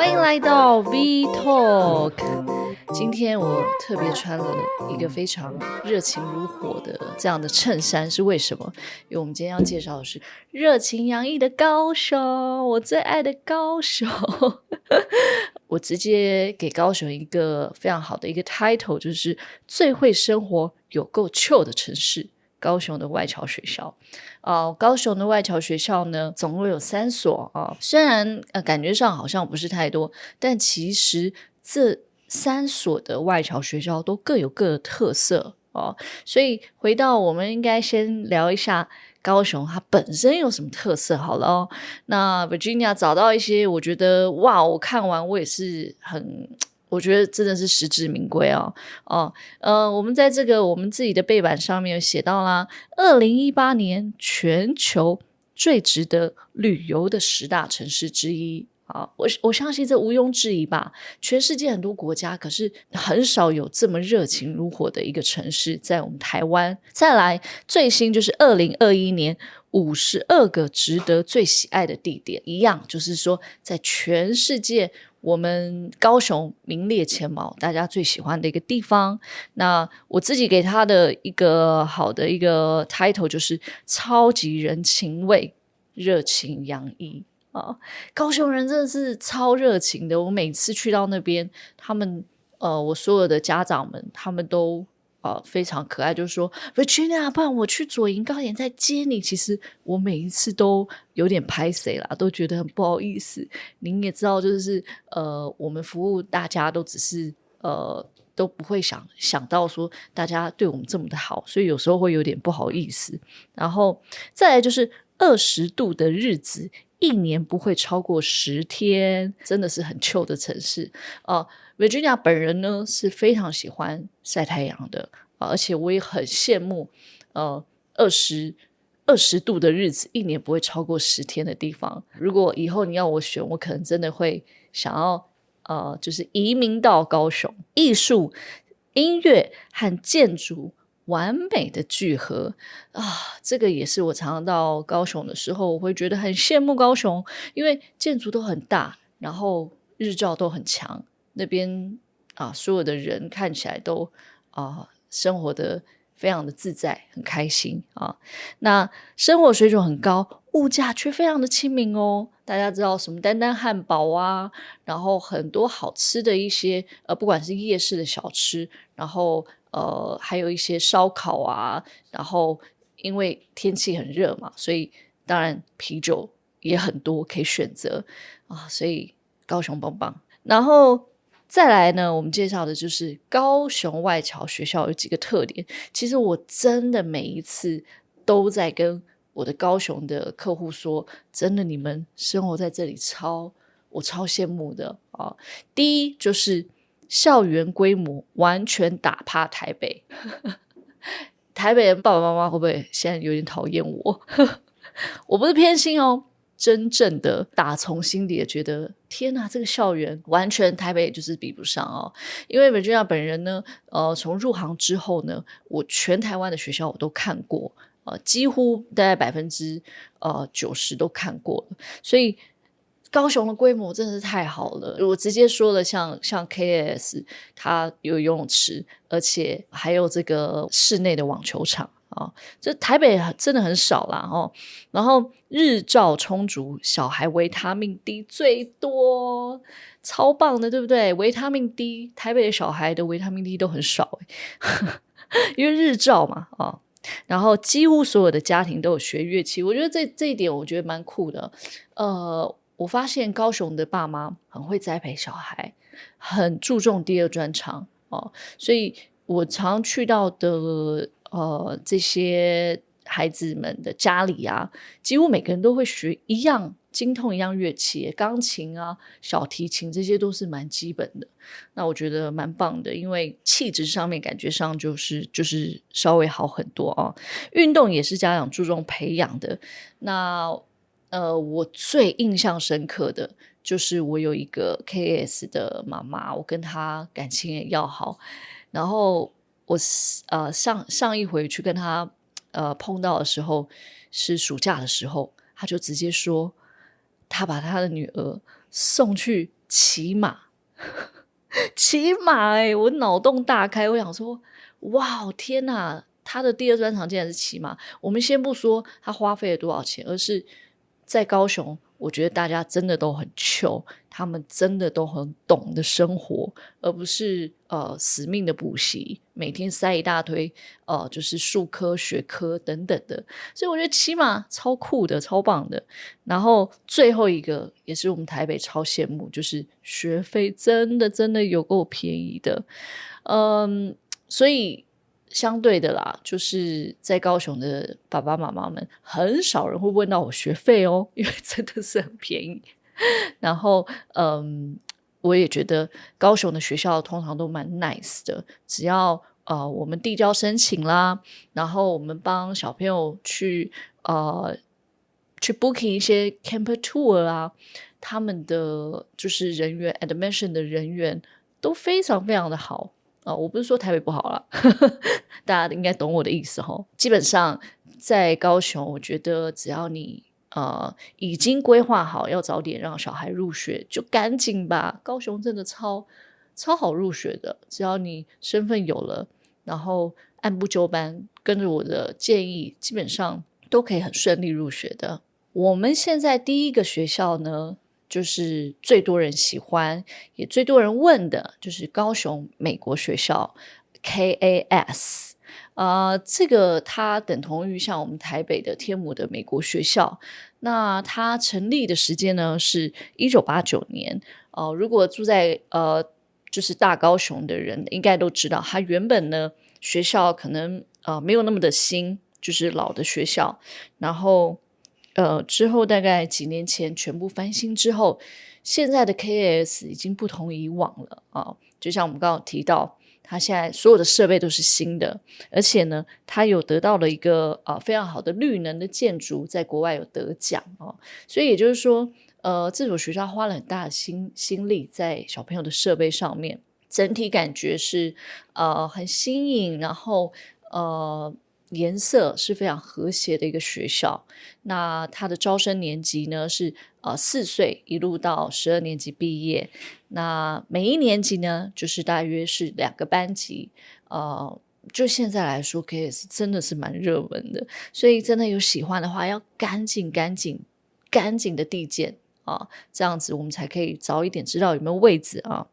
歡迎來到 V Talk。今天我特別穿了一個非常熱情如火的這樣的襯衫，是為什麼？因為我們今天要介紹的是熱情洋溢的高雄，我最愛的高雄。 我直接給高雄一個非常好的一個 title，就是最會生活、有夠 chill 的城市。高雄的外僑學校，哦，高雄的外僑學校呢，總共有三所啊，哦。雖然呃，感覺上好像不是太多，但其實這三所的外僑學校都各有各的特色哦。所以回到，我們應該先聊一下高雄它本身有什麼特色好了哦。那 Virginia 找到一些，我覺得哇，我看完我也是很。我覺得真的是實至名歸哦，哦呃，我們在這個我們自己的背板上面有寫到啦，二零一八年全球最值得旅遊的十大城市之一。啊，我我相信這毋庸置疑吧，全世界很多國家，可是很少有這麼熱情如火的一個城市，在我們台灣。再來，最新就是二零二一年五十二個值得最喜愛的地點，一樣就是說，在全世界，我們高雄名列前茅，大家最喜歡的一個地方。那我自己給他的一個好的一個 title 就是超級人情味，熱情洋溢。啊，高雄人真的是超熱情的。我每次去到那邊，他們呃，我所有的家長們，他們都啊、呃、非常可愛，就說：“Virginia 啊，不然我去左營高鐵再接你。”其實我每一次都有點拍誰啦，都覺得很不好意思。您也知道，就是呃，我們服務大家都只是呃，都不會想想到說大家對我們這麼的好，所以有時候會有點不好意思。然後再來就是二十度的日子。一年不會超過十天，真的是很 chill 的城市啊。Uh, Virginia 本人呢是非常喜歡曬太陽的啊，uh, 而且我也很羨慕呃二十二十度的日子一年不會超過十天的地方。如果以後你要我選，我可能真的會想要呃、uh, 就是移民到高雄，藝術、音樂和建築。完美的聚合啊！這個也是我常常到高雄的時候，我會覺得很羨慕高雄，因為建築都很大，然後日照都很強。那邊啊，所有的人看起來都啊，生活得非常的自在，很開心啊。那生活水準很高，物價卻非常的親民哦。大家知道什麼丹丹漢堡啊，然後很多好吃的一些，呃，不管是夜市的小吃，然後呃，還有一些燒烤啊，然後因為天氣很熱嘛，所以當然啤酒也很多可以選擇啊，所以高雄棒棒。然後再來呢，我們介紹的就是高雄外僑學校有幾個特點。其實我真的每一次都在跟。我的高雄的客戶說：“真的，你們生活在這裡超我超羨慕的啊！第一就是校園規模完全打趴台北， 台北人爸爸媽媽會不會現在有點討厭我？ 我不是偏心哦，真正的打從心底也覺得天哪，這個校園完全台北也就是比不上哦。因為美俊雅本人呢，呃，從入行之後呢，我全台灣的學校我都看過。”幾乎大概百分之呃九十都看過了，所以高雄的規模真的是太好了。我直接說了像、像像 KS，它有游泳池，而且還有這個室內的網球場啊，這、哦、台北真的很少啦。哦。然後日照充足，小孩維他命 D 最多，超棒的，對不對？維他命 D，台北的小孩的維他命 D 都很少呵呵，因為日照嘛啊。哦然後幾乎所有的家庭都有學樂器，我覺得這這一點我覺得蠻酷的。呃，我發現高雄的爸媽很會栽培小孩，很注重第二專長哦，呃，所以我常去到的呃這些。孩子們的家裡啊，幾乎每個人都會學一樣、精通一樣樂器，鋼琴啊、小提琴，這些都是蠻基本的。那我覺得蠻棒的，因為氣質上面感覺上就是就是稍微好很多啊。運動也是家長注重培養的。那呃，我最印象深刻的就是我有一個 KS 的媽媽，我跟她感情也要好。然後我呃上上一回去跟她。呃，碰到的時候是暑假的時候，他就直接說，他把他的女兒送去騎馬，騎 馬哎、欸，我腦洞大開，我想說，哇，天哪、啊，他的第二專長竟然是騎馬。我們先不說他花費了多少錢，而是在高雄，我覺得大家真的都很窮。他們真的都很懂得生活，而不是呃死命的補習，每天塞一大堆呃就是數科、學科等等的。所以我覺得起碼超酷的、超棒的。然後最後一個也是我們台北超羨慕，就是學費真的真的有夠便宜的。嗯，所以相對的啦，就是在高雄的爸爸媽媽們很少人會問到我學費哦、喔，因為真的是很便宜。 然後，嗯，我也覺得高雄的學校通常都蠻 nice 的。只要呃，我們遞交申請啦，然後我們幫小朋友去呃去 booking 一些 camper tour 啊，他們的就是人員 admission 的人員都非常非常的好啊、呃。我不是說台北不好啦， 大家應該懂我的意思哈、哦。基本上在高雄，我覺得只要你。呃，已經規劃好要早點讓小孩入學，就趕緊吧。高雄真的超超好入學的，只要你身份有了，然後按部就班跟着我的建議，基本上都可以很順利入學的。我們現在第一個學校呢，就是最多人喜歡也最多人問的，就是高雄美國學校 KAS。啊、呃，這個它等同於像我們台北的天母的美國學校，那它成立的時間呢是一九八九年。哦、呃，如果住在呃就是大高雄的人應該都知道，它原本呢學校可能呃沒有那麼的新，就是老的學校。然後呃之後大概幾年前全部翻新之後，現在的 KS 已經不同以往了啊、呃，就像我們剛剛提到。他現在所有的設備都是新的，而且呢，他有得到了一個呃非常好的綠能的建築，在國外有得獎哦。所以也就是說，呃，這所學校花了很大的心心力在小朋友的設備上面，整體感覺是呃很新穎，然後呃。顏色是非常和諧的一個學校。那它的招生年級呢，是呃四歲一路到十二年級畢業。那每一年級呢，就是大約是兩個班級。呃，就現在來說，可以是真的是蠻熱門的。所以真的有喜歡的話，要趕緊趕緊趕緊的遞件啊，呃，這樣子我們才可以早一點知道有沒有位置啊，呃。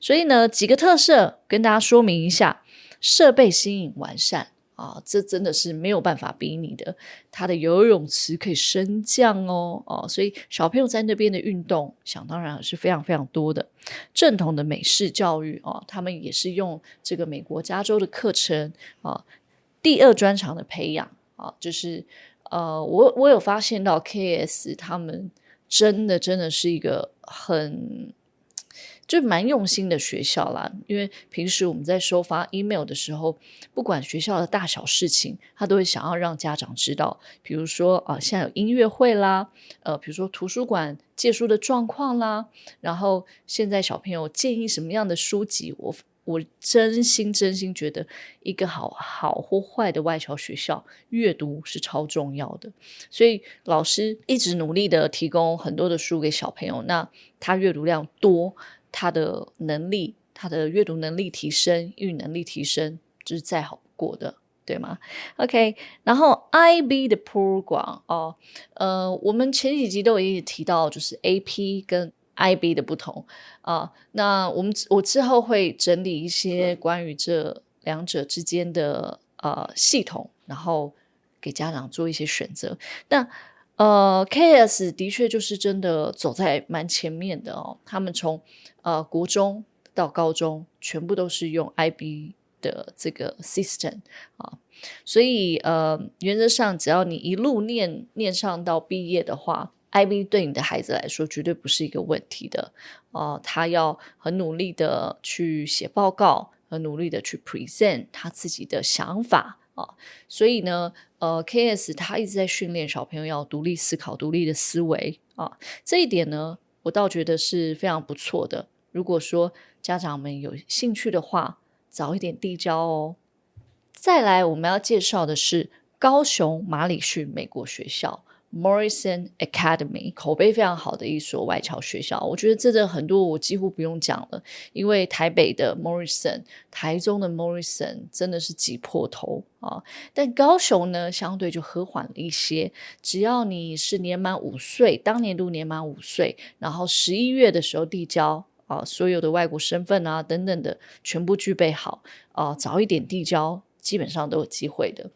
所以呢，幾個特色跟大家說明一下：設備新穎完善。啊，這真的是沒有辦法比擬的。他的游泳池可以升降哦，哦、啊，所以小朋友在那邊的運動，想當然是非常非常多的。正統的美式教育哦、啊，他們也是用這個美國加州的課程啊，第二專長的培養啊，就是呃，我我有發現到 K S 他們真的真的是一個很。就蠻用心的學校啦，因為平時我們在收發 email 的時候，不管學校的大小事情，他都會想要讓家長知道。比如說啊、呃，現在有音樂會啦，呃，比如說圖書館借書的狀況啦，然後現在小朋友建議什麼樣的書籍，我我真心真心覺得，一個好好或壞的外僑學校，閱讀是超重要的。所以老師一直努力的提供很多的書給小朋友，那他閱讀量多。他的能力，他的閱讀能力提升，英語能力提升，這，就是再好不過的，對嗎？OK，然後 IB 的 program 哦，呃，我們前幾集都已經提到，就是 AP 跟 IB 的不同啊、呃。那我們我之後會整理一些關於這兩者之間的、嗯、呃系統，然後給家長做一些選擇。那呃，KAS 的確就是真的走在蠻前面的哦。他們從呃國中到高中，全部都是用 IB 的這個 system 啊、呃，所以呃原則上，只要你一路念念上到畢業的話，IB 對你的孩子來說絕對不是一個問題的哦、呃。他要很努力的去寫報告，很努力的去 present 他自己的想法。啊、哦，所以呢，呃，K S 他一直在訓練小朋友要獨立思考，獨立的思維啊、哦，這一點呢，我倒覺得是非常不錯的。如果說家長們有興趣的話，早一點遞交哦。再來，我們要介紹的是高雄馬禮遜美國學校。Morrison Academy 口碑，非常好的一所外僑學校。我覺得這個很多我幾乎不用講了，因為台北的 Morrison、台中的 Morrison 真的是擠破頭啊，但高雄呢，相對就和緩了一些。只要你是年滿五歲，當年度年滿五歲，然後十一月的時候遞交啊，所有的外國身份啊等等的全部具備好啊，早一點遞交。基本上都有機會的。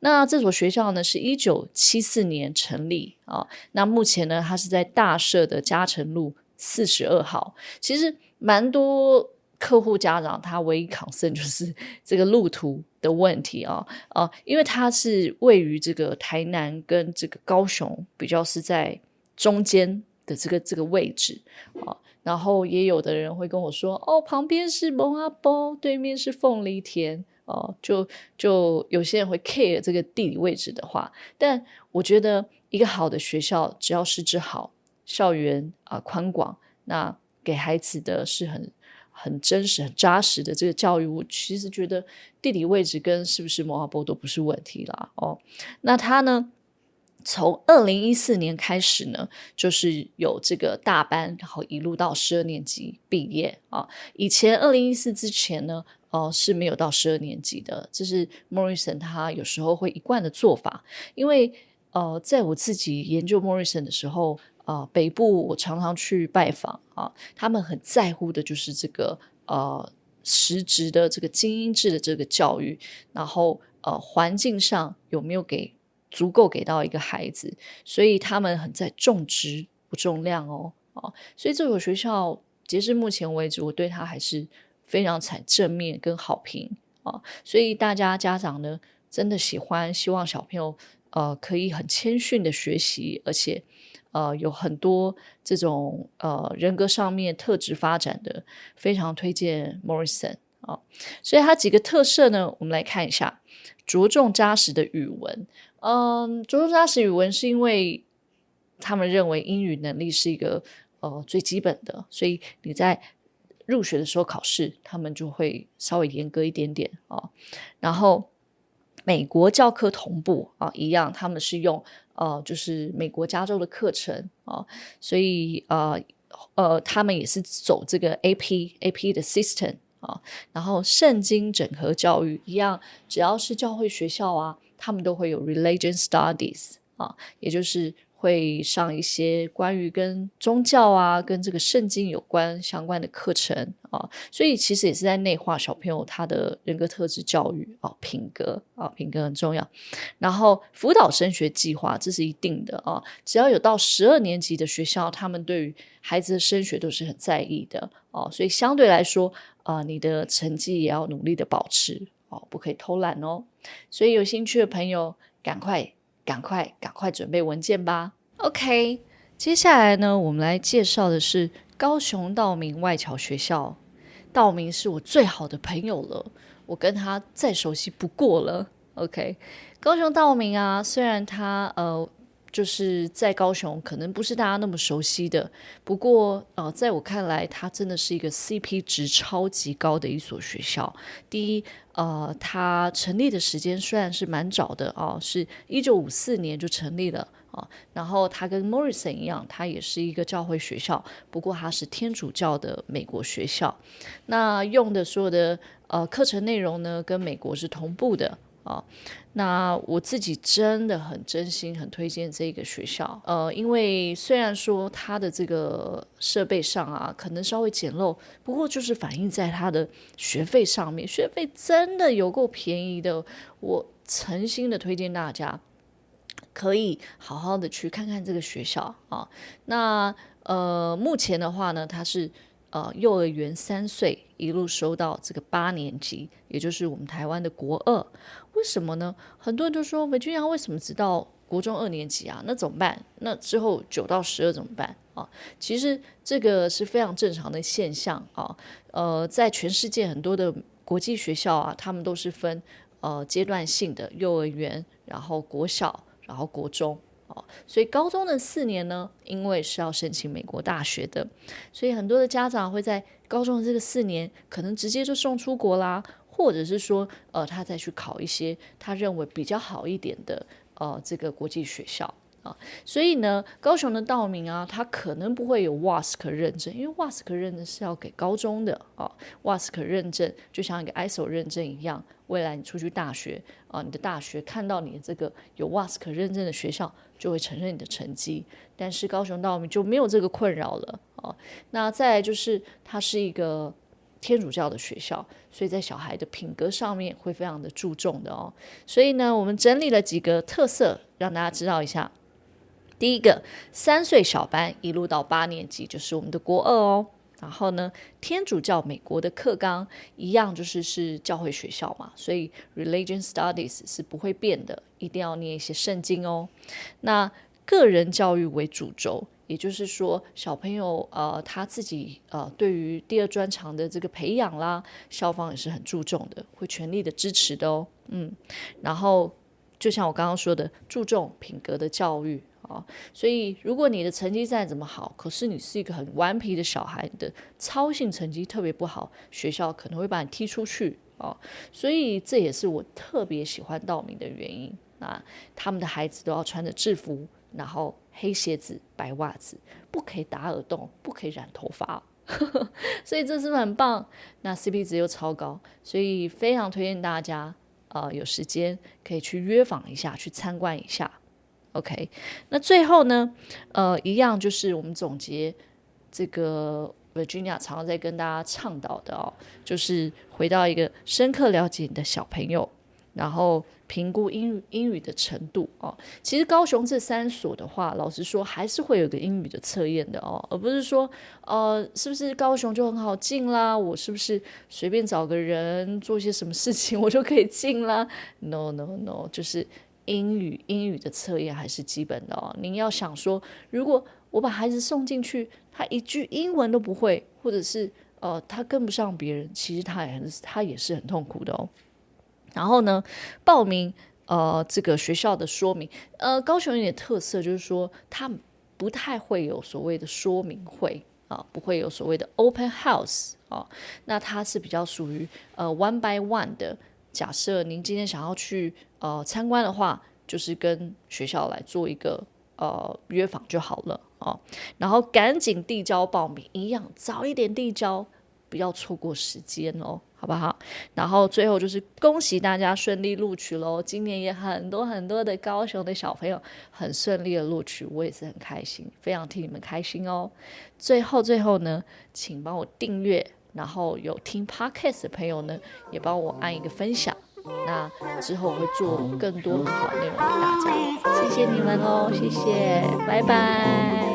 那這所學校呢，是一九七四年成立啊。那目前呢，它是在大社的嘉誠路四十二號。其實蠻多客戶家長，他唯一 concern 就是這個路途的問題啊啊，因為它是位於這個台南跟這個高雄比較是在中間的這個這個位置啊。然後也有的人會跟我說，哦，旁邊是蒙阿波，對面是鳳梨田。哦，就就有些人會 care 這個地理位置的話，但我覺得一個好的學校，只要師資好，校園啊、呃、寬廣，那給孩子的是很很真實、很扎實的這個教育。我其實覺得地理位置跟是不是摩爾波都不是問題啦。哦，那他呢？從二零一四年開始呢，就是有這個大班，然後一路到十二年級畢業啊。以前二零一四之前呢，呃，是沒有到十二年級的。這是 Morrison 他有時候會一貫的做法，因為呃，在我自己研究 Morrison 的時候，呃，北部我常常去拜訪啊，呃，他們很在乎的就是這個呃，實質的這個精英制的這個教育，然後呃，環境上有沒有給。足夠給到一個孩子，所以他們很在重質，不重量哦，哦所以，這所學校截至目前為止，我對它還是非常正面跟好評，哦，所以大家家長呢，真的喜歡，希望小朋友呃可以很謙遜的學習，而且呃有很多這種呃人格上面特質發展的，非常推薦 Morrison 啊，哦，所以它幾個特色呢，我們來看一下，着重扎實的語文。嗯，著重紮實語文是因為他們認為英語能力是一個呃最基本的，所以你在入學的時候考試，他們就會稍微嚴格一點點啊、哦。然後美國教科同步啊、哦，一樣，他們是用呃，就是美國加州的課程啊、哦，所以呃呃，他們也是走這個 AP AP 的 system 啊、哦。然後聖經整合教育一樣，只要是教會學校啊。他們都會有 religion studies 啊，也就是會上一些關於跟宗教啊、跟這個聖經有關相關的課程啊，所以其實也是在內化小朋友他的人格特質教育啊，品格啊，品格很重要。然後輔導升學計劃，這是一定的啊，只要有到十二年級的學校，他們對於孩子的升學都是很在意的哦，啊，所以相對來說啊，你的成績也要努力的保持。哦，不可以偷懶哦，所以有興趣的朋友，趕快、趕快、趕快準備文件吧。OK，接下來呢，我們來介紹的是高雄道明外僑學校。道明是我最好的朋友了，我跟他再熟悉不過了。OK，高雄道明啊，雖然他呃。就是在高雄，可能不是大家那麼熟悉的。不過，呃，在我看來，它真的是一個 CP 值超級高的一所學校。第一，呃，它成立的時間雖然是蠻早的，啊、呃，是一九五四年就成立了，啊、呃，然後它跟 Morrison 一樣，它也是一個教會學校，不過它是天主教的美國學校。那用的所有的呃課程內容呢，跟美國是同步的。啊、哦，那我自己真的很真心很推薦這個學校，呃，因為雖然說它的這個設備上啊可能稍微簡陋，不過就是反映在它的學費上面，學費真的有夠便宜的。我誠心的推薦大家，可以好好的去看看這個學校啊、哦。那呃，目前的話呢，它是。呃，幼兒園三歲一路收到這個八年級，也就是我們台灣的國二，為什麼呢？很多人都說，美君洋為什麼只到國中二年級啊？那怎麼辦？那之後九到十二怎麼辦啊？呃，其實這個是非常正常的現象啊。呃，在全世界很多的國際學校啊，他們都是分呃階段性的，幼兒園，然後國小，然後國中。所以高中的四年呢，因為是要申請美國大學的，所以很多的家長會在高中的這個四年，可能直接就送出國啦，或者是說，呃，他再去考一些他認為比較好一點的，呃，這個國際學校。啊，所以呢，高雄的道明啊，它可能不會有 WASC 認證，因為 WASC 認證是要給高中的啊，WASC 認證就像一個 ISO 認證一樣，未來你出去大學啊，你的大學看到你這個有 WASC 認證的學校，就會承認你的成績。但是高雄道明就沒有這個困擾了啊。那再來就是它是一個天主教的學校，所以在小孩的品格上面會非常的注重的哦。所以呢，我們整理了幾個特色，讓大家知道一下。第一個，三歲小班一路到八年級，就是我們的國二哦。然後呢，天主教美國的課綱一樣，就是是教會學校嘛，所以 religion studies 是不會變的，一定要念一些聖經哦。那個人教育為主軸，也就是說，小朋友呃他自己呃對於第二專長的這個培養啦，校方也是很注重的，會全力的支持的哦。嗯，然後就像我剛剛說的，注重品格的教育。所以，如果你的成績再怎麼好，可是你是一個很頑皮的小孩，你的操行成績特別不好，學校可能會把你踢出去哦。所以這也是我特別喜歡道明的原因。那、啊、他們的孩子都要穿着制服，然後黑鞋子、白襪子，不可以打耳洞，不可以染頭髮，呵呵，所以這是很棒。那 CP 值又超高，所以非常推薦大家，呃、有時間可以去約訪一下，去參觀一下。OK，那最後呢？呃，一樣就是我們總結這個 Virginia 常常在跟大家倡導的哦，就是回到一個深刻了解你的小朋友，然後評估英語英語的程度哦，其實高雄這三所的話，老實說還是會有個英語的測驗的哦，而不是說呃，是不是高雄就很好進啦？我是不是隨便找個人做些什麼事情我就可以進啦？No, No, No，就是。英語英語的測驗還是基本的哦。您要想說，如果我把孩子送進去，他一句英文都不會，或者是呃，他跟不上別人，其實他也很他也是很痛苦的哦。然後呢，報名呃，這個學校的說明呃，高雄有點特色，就是說他不太會有所謂的說明會啊、呃，不會有所謂的 open house 啊、呃。那他是比較屬於呃 one by one 的。假設您今天想要去。呃，參觀的話，就是跟學校來做一個呃約訪就好了哦、呃。然後趕緊遞交報名，一樣早一點遞交，不要錯過時間哦，好不好？然後最後就是恭喜大家順利錄取嘍！今年也很多很多的高雄的小朋友很順利的錄取，我也是很開心，非常替你們開心哦。最後最後呢，請幫我訂閱，然後有聽 Podcast 的朋友呢，也幫我按一個分享。那之後我會做更多很好的內容給大家，謝謝你們哦，謝謝，拜拜。